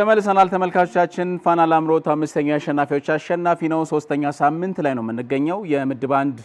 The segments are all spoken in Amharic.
ተመልሰናል ተመልካቾቻችን። ፋና ላምሮት አምስተኛ አሸናፊዎች አሸናፊ ነው። ሶስተኛ ሳምንት ላይ ነው የምንገኘው። የምድብ አንድ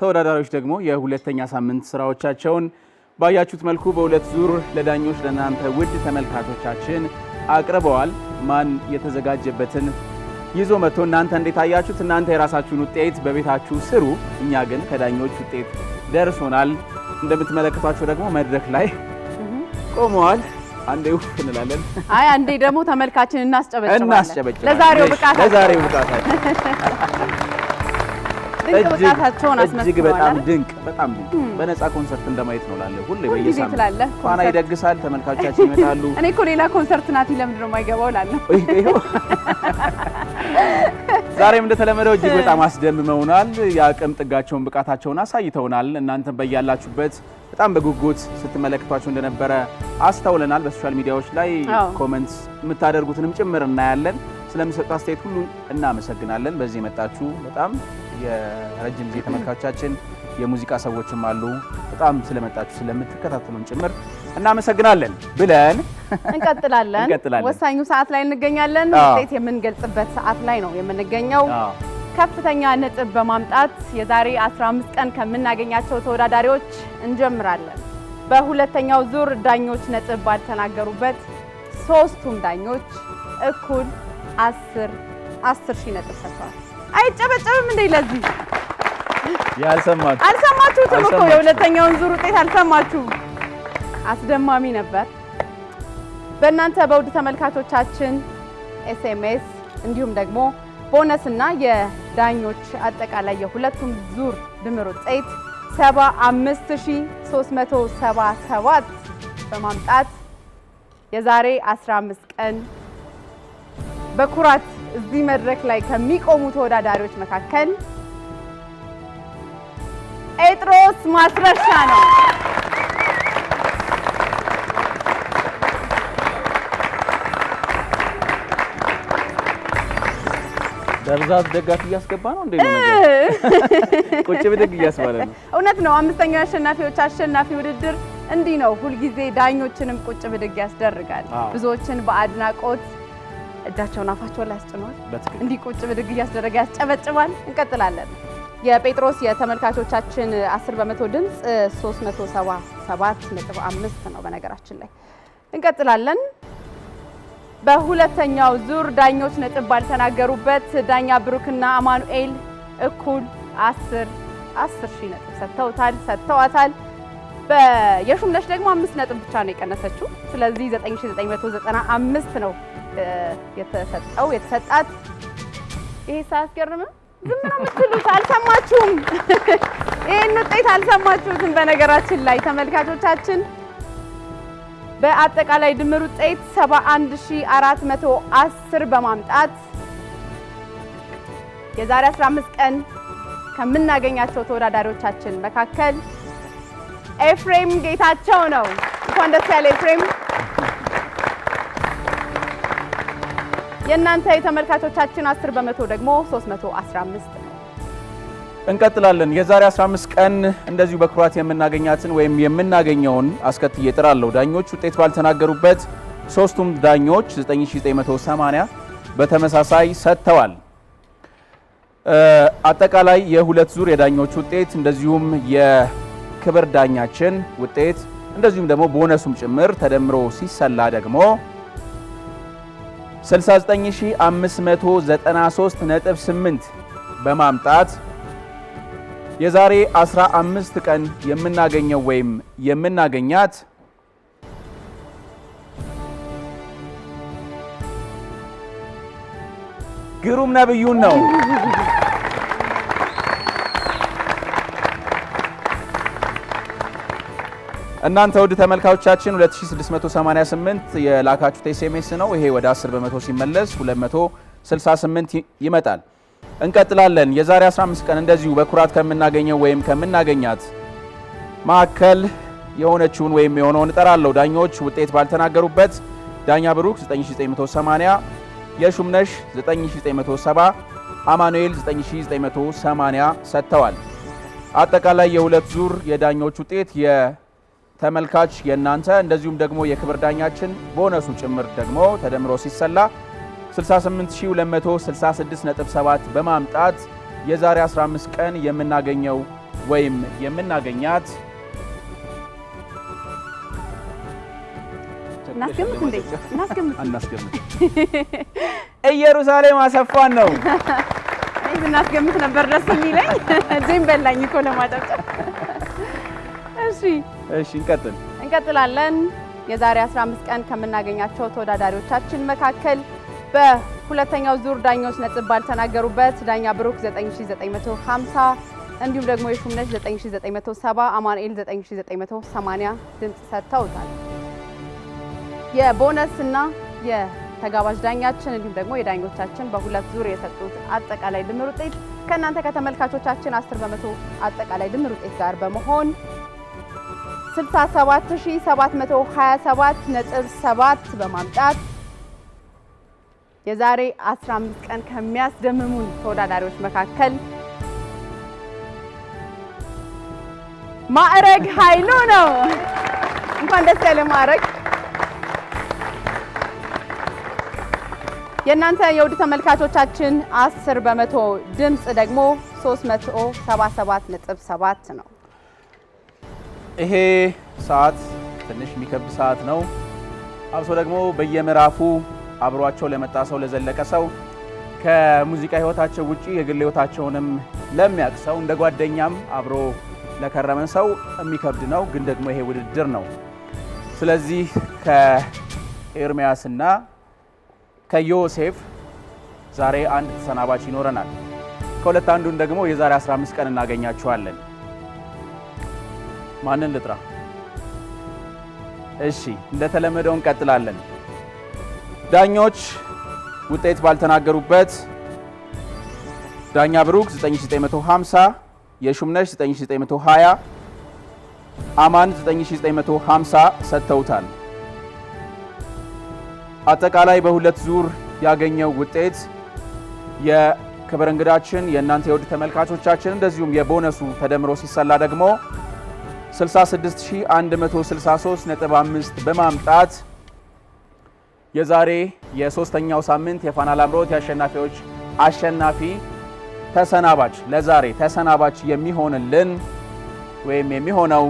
ተወዳዳሪዎች ደግሞ የሁለተኛ ሳምንት ስራዎቻቸውን ባያችሁት መልኩ በሁለት ዙር ለዳኞች ለእናንተ ውድ ተመልካቾቻችን አቅርበዋል። ማን የተዘጋጀበትን ይዞ መጥቶ እናንተ እንዴት አያችሁት? እናንተ የራሳችሁን ውጤት በቤታችሁ ስሩ። እኛ ግን ከዳኞች ውጤት ደርሶናል። እንደምትመለከቷቸው ደግሞ መድረክ ላይ ቆመዋል። አንዴ ውፍ እንላለን። አይ አንዴ ደግሞ ተመልካችን እናስጨበጭባለን። እናስጨበጭባለን። ለዛሬው ብቃታቸው ለዛሬው ብቃታቸው ድንቅ ብቃታቸውን አስመስለዋል። እጅግ በጣም ድንቅ በጣም ድንቅ በነፃ ኮንሰርት እንደማየት ነው ላለ ሁሌ በየሳምንቱ ትላለህ። ፋና ይደግሳል፣ ተመልካቾቻችን ይመጣሉ። እኔ እኮ ሌላ ኮንሰርት ናት ለምንድን ነው የማይገባው ላለ እላለሁ። ዛሬም እንደተለመደው እጅግ በጣም አስደምመውናል። የአቅም ጥጋቸውን ብቃታቸውን አሳይተውናል። እናንተም በያላችሁበት በጣም በጉጉት ስትመለከቷቸው እንደነበረ አስተውለናል። በሶሻል ሚዲያዎች ላይ ኮመንት የምታደርጉትንም ጭምር እናያለን። ስለምሰጡ አስተያየት ሁሉ እናመሰግናለን። በዚህ የመጣችሁ በጣም የረጅም ጊዜ ተመልካቾቻችን የሙዚቃ ሰዎችም አሉ። በጣም ስለመጣችሁ ስለምትከታተሉን ጭምር እናመሰግናለን ብለን እንቀጥላለን። ወሳኙ ሰዓት ላይ እንገኛለን። ውጤት የምንገልጽበት ሰዓት ላይ ነው የምንገኘው። ከፍተኛ ነጥብ በማምጣት የዛሬ 15 ቀን ከምናገኛቸው ተወዳዳሪዎች እንጀምራለን። በሁለተኛው ዙር ዳኞች ነጥብ ባልተናገሩበት ሶስቱም ዳኞች እኩል 10 10 ሺህ ነጥብ ሰጥተዋል። አይጨበጨብም እንዴ? ለዚህ ያልሰማችሁ አልሰማችሁትም እኮ የሁለተኛውን ዙር ውጤት አልሰማችሁም። አስደማሚ ነበር። በእናንተ በውድ ተመልካቾቻችን ኤስኤምኤስ እንዲሁም ደግሞ ቦነስና የዳኞች አጠቃላይ የሁለቱም ዙር ድምር ውጤት 75377 በማምጣት የዛሬ 15 ቀን በኩራት እዚህ መድረክ ላይ ከሚቆሙ ተወዳዳሪዎች መካከል ጴጥሮስ ማስረሻ ነው። በብዛት ደጋፊ እያስገባ ነው እንዴ? ቁጭ ብድግ እያስባለ ነው። እውነት ነው። አምስተኛው አሸናፊዎች አሸናፊ ውድድር እንዲህ ነው። ሁልጊዜ ዳኞችንም ቁጭ ብድግ ያስደርጋል። ብዙዎችን በአድናቆት እጃቸውን አፋቸው ላይ ያስጭኗል። እንዲህ ቁጭ ብድግ እያስደረገ ያስጨበጭባል። እንቀጥላለን። የጴጥሮስ የተመልካቾቻችን 10 በመቶ ድምፅ 377.5 ነው። በነገራችን ላይ እንቀጥላለን። በሁለተኛው ዙር ዳኞች ነጥብ ባልተናገሩበት ዳኛ ብሩክና አማኑኤል እኩል አስር አስር ሺህ ነጥብ ሰጥተውታል ሰጥተዋታል። የሹምነሽ ደግሞ አምስት ነጥብ ብቻ ነው የቀነሰችው። ስለዚህ 9995 ነው የተሰጠው የተሰጣት። ይሄ ሳያስገርም ዝም ነው የምትሉት፣ አልሰማችሁም። ይህን ውጤት አልሰማችሁትም። በነገራችን ላይ ተመልካቾቻችን በአጠቃላይ ድምር ውጤት 71410 በማምጣት የዛሬ 15 ቀን ከምናገኛቸው ተወዳዳሪዎቻችን መካከል ኤፍሬም ጌታቸው ነው። እንኳን ደስ ያለ ኤፍሬም። የእናንተ የተመልካቾቻችን 10 በመቶ ደግሞ 315 እንቀጥላለን። የዛሬ 15 ቀን እንደዚሁ በክሮአት የምናገኛትን ወይም የምናገኘውን አስከትዬ እጥራለሁ። ዳኞች ውጤት ባልተናገሩበት ሶስቱም ዳኞች 9980 በተመሳሳይ ሰጥተዋል። አጠቃላይ የሁለት ዙር የዳኞች ውጤት እንደዚሁም የክብር ዳኛችን ውጤት እንደዚሁም ደግሞ ቦነሱም ጭምር ተደምሮ ሲሰላ ደግሞ 69593.8 በማምጣት የዛሬ 15 ቀን የምናገኘው ወይም የምናገኛት ግሩም ነብዩን ነው። እናንተ ውድ ተመልካቾቻችን 2688 የላካችሁት ኤስኤምኤስ ነው። ይሄ ወደ 10 በመቶ ሲመለስ 268 ይመጣል። እንቀጥላለን። የዛሬ 15 ቀን እንደዚሁ በኩራት ከምናገኘው ወይም ከምናገኛት ማዕከል የሆነችውን ወይም የሆነውን እጠራለሁ። ዳኞች ውጤት ባልተናገሩበት ዳኛ ብሩክ 9980፣ የሹምነሽ 9970፣ አማኑኤል 9980 ሰጥተዋል። አጠቃላይ የሁለት ዙር የዳኞች ውጤት የተመልካች የእናንተ እንደዚሁም ደግሞ የክብር ዳኛችን ቦነሱ ጭምር ደግሞ ተደምሮ ሲሰላ 68266.7 በማምጣት የዛሬ 15 ቀን የምናገኘው ወይም የምናገኛት እናስገምት ኢየሩሳሌም አሰፋን ነው። እናስገምት ነበር ደስ የሚለኝ እዚህም በላኝ እኮ ለማጠጫ። እሺ፣ እሺ፣ እንቀጥል እንቀጥላለን። የዛሬ 15 ቀን ከምናገኛቸው ተወዳዳሪዎቻችን መካከል በሁለተኛው ዙር ዳኞች ነጥብ ባልተናገሩበት ዳኛ ብሩክ 9950 እንዲሁም ደግሞ የሹምነሽ 9970 አማኑኤል 9980 ድምፅ ሰጥተውታል። የቦነስ እና የተጋባዥ ዳኛችን እንዲሁም ደግሞ የዳኞቻችን በሁለት ዙር የሰጡት አጠቃላይ ድምር ውጤት ከእናንተ ከተመልካቾቻችን 10 በመቶ አጠቃላይ ድምር ውጤት ጋር በመሆን 67727 ነጥብ 7 በማምጣት የዛሬ 15 ቀን ከሚያስደምሙን ተወዳዳሪዎች መካከል ማዕረግ ኃይሉ ነው። እንኳን ደስ ያለ ማዕረግ። የእናንተ የውድ ተመልካቾቻችን 10 በመቶ ድምፅ ደግሞ 377.7 ነው። ይሄ ሰዓት ትንሽ የሚከብድ ሰዓት ነው። አብሶ ደግሞ በየምዕራፉ አብሯቸው ለመጣ ሰው፣ ለዘለቀ ሰው ከሙዚቃ ህይወታቸው ውጪ የግል ህይወታቸውንም ለሚያውቅ ሰው እንደ ጓደኛም አብሮ ለከረመን ሰው የሚከብድ ነው። ግን ደግሞ ይሄ ውድድር ነው። ስለዚህ ከኤርሚያስና ከዮሴፍ ዛሬ አንድ ተሰናባች ይኖረናል። ከሁለት አንዱን ደግሞ የዛሬ 15 ቀን እናገኛችኋለን። ማንን ልጥራ? እሺ እንደተለመደው እንቀጥላለን። ዳኞች ውጤት ባልተናገሩበት ዳኛ ብሩክ 9950፣ የሹምነሽ 9920፣ አማን 9950 ሰጥተውታል። አጠቃላይ በሁለት ዙር ያገኘው ውጤት የክብር እንግዳችን የእናንተ የውድ ተመልካቾቻችን እንደዚሁም የቦነሱ ተደምሮ ሲሰላ ደግሞ 66163.5 በማምጣት የዛሬ የሶስተኛው ሳምንት የፋና ላምሮት የአሸናፊዎች አሸናፊ ተሰናባች ለዛሬ ተሰናባች የሚሆንልን ወይም የሚሆነው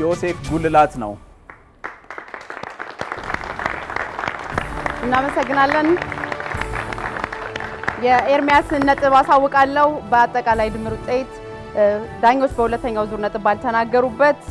ዮሴፍ ጉልላት ነው። እናመሰግናለን። የኤርሚያስን ነጥብ አሳውቃለሁ። በአጠቃላይ ድምር ውጤት ዳኞች በሁለተኛው ዙር ነጥብ ባልተናገሩበት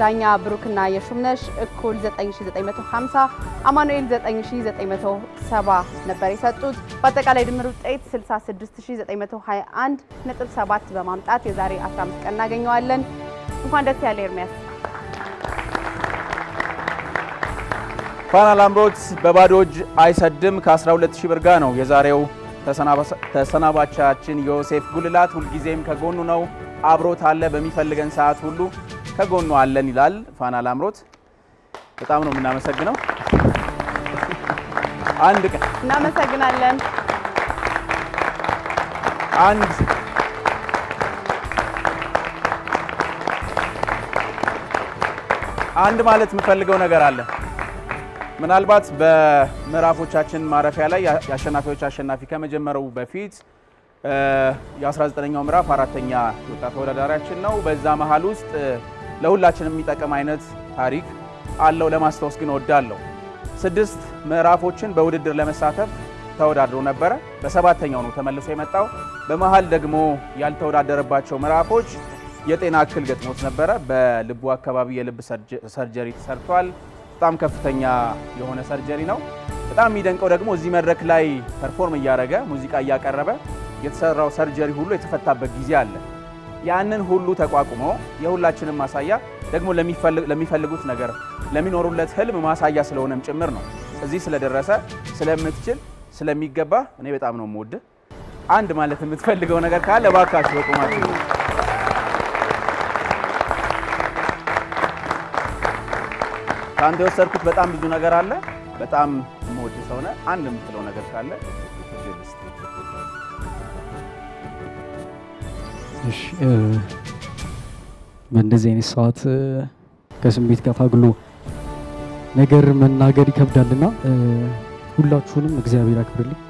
ዳኛ ብሩክና የሹምነሽ እኩል 9950፣ አማኑኤል 9970 ነበር የሰጡት። በአጠቃላይ ድምር ውጤት 66921 ነጥብ 7 በማምጣት የዛሬ 15 ቀን እናገኘዋለን። እንኳን ደስ ያለ ኤርሚያስ። ፋና ላምሮት በባዶ እጅ አይሰድም ከ12000 ብር ጋር ነው የዛሬው ተሰናባቻችን ዮሴፍ ጉልላት ሁልጊዜም ከጎኑ ነው፣ አብሮት አለ፣ በሚፈልገን ሰዓት ሁሉ ከጎኑ አለን ይላል ፋና ላምሮት። በጣም ነው የምናመሰግነው። አንድ ቀን እናመሰግናለን። አንድ አንድ ማለት የምፈልገው ነገር አለ ምናልባት በምዕራፎቻችን ማረፊያ ላይ የአሸናፊዎች አሸናፊ ከመጀመሩ በፊት የ19ኛው ምዕራፍ አራተኛ ወጣት ተወዳዳሪያችን ነው። በዛ መሀል ውስጥ ለሁላችንም የሚጠቅም አይነት ታሪክ አለው። ለማስታወስ ግን ወዳለው ስድስት ምዕራፎችን በውድድር ለመሳተፍ ተወዳድሮ ነበረ። በሰባተኛው ነው ተመልሶ የመጣው። በመሀል ደግሞ ያልተወዳደረባቸው ምዕራፎች የጤና እክል ገጥሞት ነበረ። በልቡ አካባቢ የልብ ሰርጀሪ ተሰርቷል። በጣም ከፍተኛ የሆነ ሰርጀሪ ነው። በጣም የሚደንቀው ደግሞ እዚህ መድረክ ላይ ፐርፎርም እያደረገ ሙዚቃ እያቀረበ የተሰራው ሰርጀሪ ሁሉ የተፈታበት ጊዜ አለ። ያንን ሁሉ ተቋቁሞ የሁላችንም ማሳያ ደግሞ ለሚፈልጉት ነገር ለሚኖሩለት ህልም ማሳያ ስለሆነም ጭምር ነው። እዚህ ስለደረሰ ስለምትችል ስለሚገባ እኔ በጣም ነው የምወድ። አንድ ማለት የምትፈልገው ነገር ካለ እባካችሁ በቁማችሁ ከአንተ የወሰድኩት በጣም ብዙ ነገር አለ። በጣም የምወድ ሰው ነህ። አንድ የምትለው ነገር ካለ በእንደዚህ አይነት ሰዓት ከስሜት ጋር ታግሎ ነገር መናገር ይከብዳልና ሁላችሁንም እግዚአብሔር ያክብርልኝ።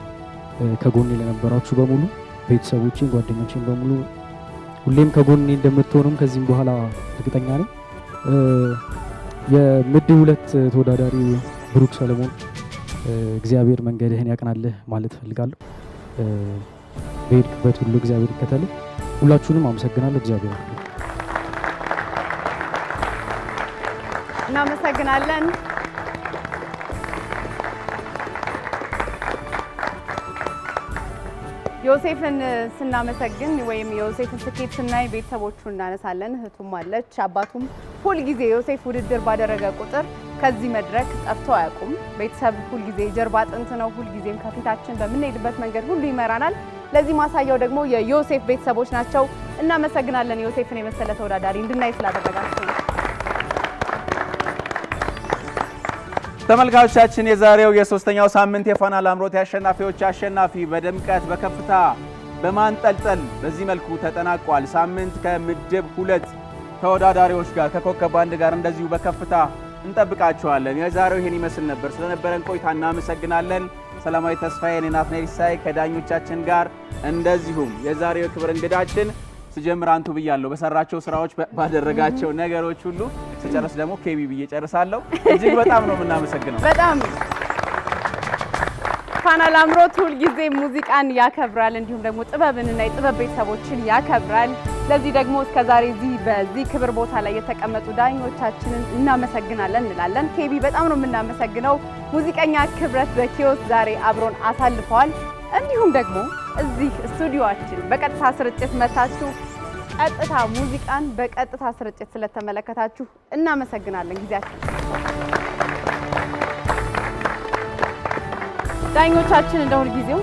ከጎኔ ለነበራችሁ በሙሉ ቤተሰቦችን፣ ጓደኞችን በሙሉ ሁሌም ከጎኔ እንደምትሆኑም ከዚህም በኋላ እርግጠኛ ነኝ። የምድብ ሁለት ተወዳዳሪ ብሩክ ሰለሞን እግዚአብሔር መንገድህን ያቅናልህ ማለት እፈልጋለሁ። በሄድክበት ሁሉ እግዚአብሔር ይከተልህ። ሁላችሁንም አመሰግናለሁ። እግዚአብሔር እናመሰግናለን። ዮሴፍን ስናመሰግን ወይም የዮሴፍን ስኬት ስናይ ቤተሰቦቹ እናነሳለን። እህቱም አለች አባቱም ሁልጊዜ ዮሴፍ ውድድር ባደረገ ቁጥር ከዚህ መድረክ ጠፍቶ አያውቁም። ቤተሰብ ሁልጊዜ ጀርባ አጥንት ነው። ሁልጊዜም ከፊታችን በምንሄድበት መንገድ ሁሉ ይመራናል። ለዚህ ማሳያው ደግሞ የዮሴፍ ቤተሰቦች ናቸው። እናመሰግናለን ዮሴፍን የመሰለ ተወዳዳሪ እንድናይ ስላደረጋችሁ። ተመልካቾቻችን የዛሬው የሶስተኛው ሳምንት የፋና ላምሮት የአሸናፊዎች አሸናፊ በድምቀት በከፍታ በማንጠልጠል በዚህ መልኩ ተጠናቋል። ሳምንት ከምድብ ሁለት ተወዳዳሪዎች ጋር ከኮከብ ባንድ ጋር እንደዚሁ በከፍታ እንጠብቃችኋለን። የዛሬው ይህን ይመስል ነበር። ስለነበረን ቆይታ እናመሰግናለን። ሰላማዊ ተስፋዬ ናትናኤል ሲሳይ ከዳኞቻችን ጋር እንደዚሁም የዛሬው የክብር እንግዳችን ስጀምር አንቱ ብያለሁ በሰራቸው ስራዎች ባደረጋቸው ነገሮች ሁሉ ስጨርስ ደግሞ ኬቢ ብዬ ጨርሳለሁ። እጅግ በጣም ነው የምናመሰግነው። በጣም ፋና ላምሮት ሁልጊዜ ሙዚቃን ያከብራል፣ እንዲሁም ደግሞ ጥበብንና የጥበብ ቤተሰቦችን ያከብራል። ለዚህ ደግሞ እስከዛሬ እዚህ በዚህ ክብር ቦታ ላይ የተቀመጡ ዳኞቻችንን እናመሰግናለን እንላለን። ኬቢ በጣም ነው የምናመሰግነው። ሙዚቀኛ ክብረት ዘኪዮስ ዛሬ አብሮን አሳልፈዋል። እንዲሁም ደግሞ እዚህ ስቱዲዮችን በቀጥታ ስርጭት መታችሁ ቀጥታ ሙዚቃን በቀጥታ ስርጭት ስለተመለከታችሁ እናመሰግናለን። ጊዜያችን ዳኞቻችን እንደ ሁልጊዜው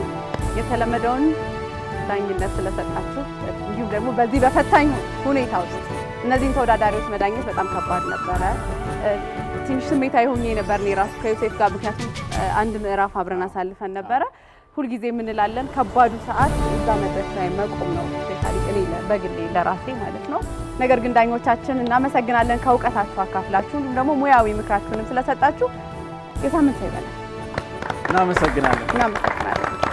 የተለመደውን ዳኝነት ስለሰጣችሁ እንዲሁም ደግሞ በዚህ በፈታኝ ሁኔታ ውስጥ እነዚህን ተወዳዳሪዎች መዳኘት በጣም ከባድ ነበረ። ትንሽ ስሜታዊ ሆኜ ነበር እኔ ራሱ ከዮሴፍ ጋር ምክንያቱም አንድ ምዕራፍ አብረን አሳልፈን ነበረ። ሁልጊዜ የምንላለን ከባዱ ሰዓት እዛ መድረክ ላይ መቆም ነው። እኔ በግሌ ለራሴ ማለት ነው። ነገር ግን ዳኞቻችን እናመሰግናለን፣ ከእውቀታችሁ አካፍላችሁ እንዲሁም ደግሞ ሙያዊ ምክራችሁንም ስለሰጣችሁ የሳምንት ሰው ይበላል። እናመሰግናለን። እናመሰግናለን።